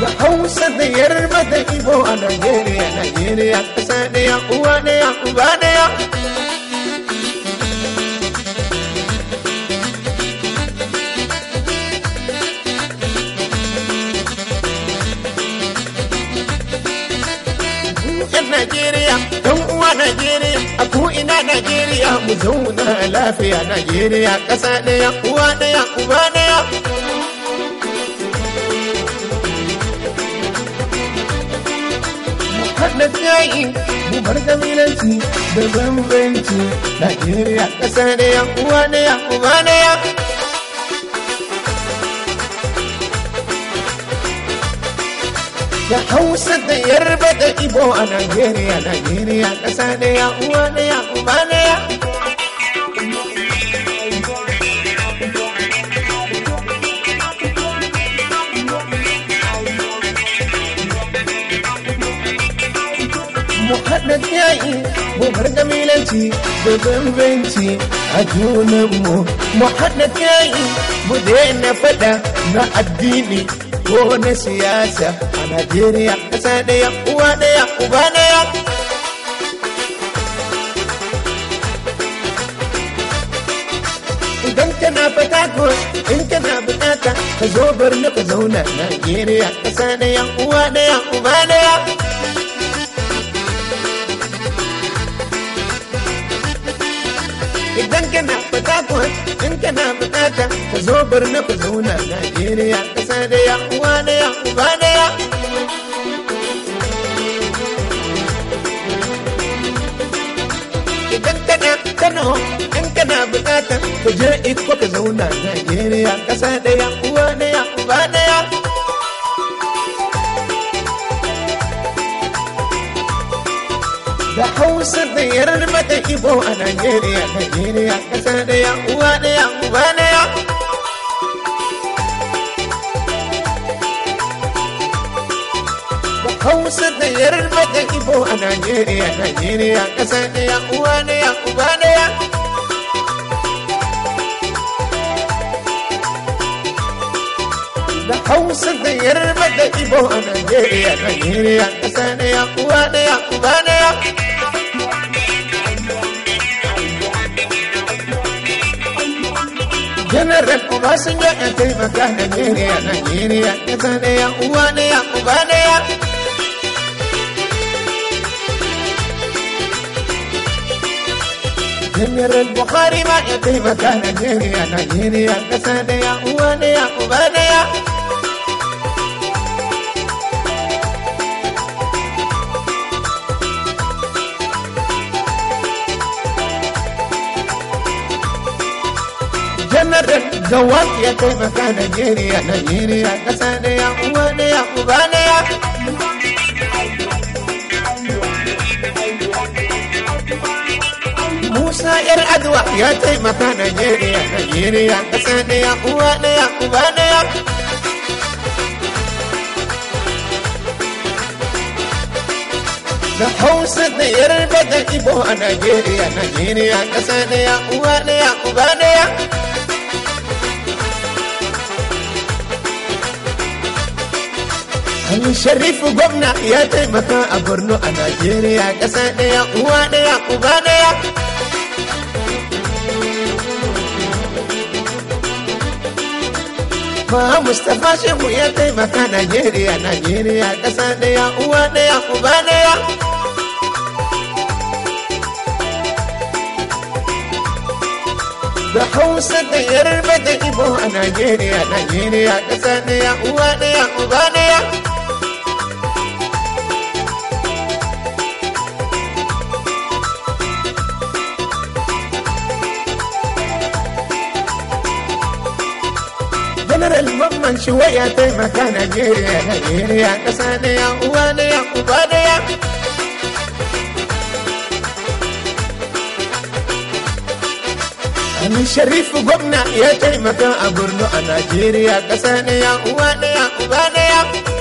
da hausa da yarba da ibo a Najeriya, Najeriya ƙasa ɗaya uwa ɗaya uba ɗaya. Najeriya, ɗan uwa Najeriya, a ko'ina Najeriya, mu zauna lafiya Najeriya, ƙasa ɗaya, uwa ɗaya, uba ɗaya. Bubar kabilanci da bambanci Najeriya ƙasa da ya uwa da ya uba da ya Da Hausa da Yarba da Ibo a Najeriya, Najeriya ƙasa da ya uwa da ya uba da na yayi mu bar milanci da bambanci a junanmu mu haɗa yayi mu daina faɗa na addini ko na siyasa a Najeriya ƙasa ɗaya uwa ɗaya uba ɗaya. Idan kana fata ko in kana bukata ka zo bar ka zauna Najeriya ƙasa ɗaya uwa ɗaya uba ɗaya. idan kana fita kuwa in kana bukata ku zo birni ku zauna Najeriya ƙasa da ya uwa da ya uba da ya. Idan kana Kano in kana bukata ku je iko ku zauna Najeriya ƙasa da ya uwa da ya uba da da hausa da yarba mata ibo a Najeriya, Najeriya ƙasa ɗaya, uwa ya uba ya? Da hausa da yarba mata ibo a Najeriya, Najeriya ƙasa ɗaya, uwa ya uba ya? Da hausa da yarba da ibo a Najeriya, Najeriya ƙasa ya uwa ya? uba sun daɗa taimaka Najeriya, Najeriya, ƙasa ɗaya, uwa ɗaya, uba ɗaya. Jami'ar Bukhari ma ya taimaka Najeriya, Najeriya, ƙasa ɗaya, uwa ɗaya, uba ɗaya. Zawat ya taimaka Najeriya, Najeriya ƙasa ɗaya, uwa ɗaya, uba ɗaya. Musa ‘yar Adwa ya taimaka Najeriya, Najeriya ƙasa ɗaya, uwa ɗaya, uba ɗaya. Da Hausa da Yarba da Ibo a Najeriya, Najeriya ƙasa ɗaya, uwa ɗaya, uba sharifu gwamna ya taimaka a borno a najeriya ƙasa ɗaya uwa ɗaya uba ɗaya Ma Mustapha Shehu ya taimaka Najeriya, Najeriya ƙasa ɗaya uwa ɗaya uba ɗaya. Da Hausa da Yarba da Ibo a Najeriya, Najeriya ƙasa ɗaya uwa ɗaya uba ɗaya. general mamman shi waya taimaka Najeriya, Najeriya ƙasa na ya uwa na ya uba na ya. Ali Sharifu gwamna ya taimaka a Borno a Najeriya ƙasa na ya uwa na ya uba na ya.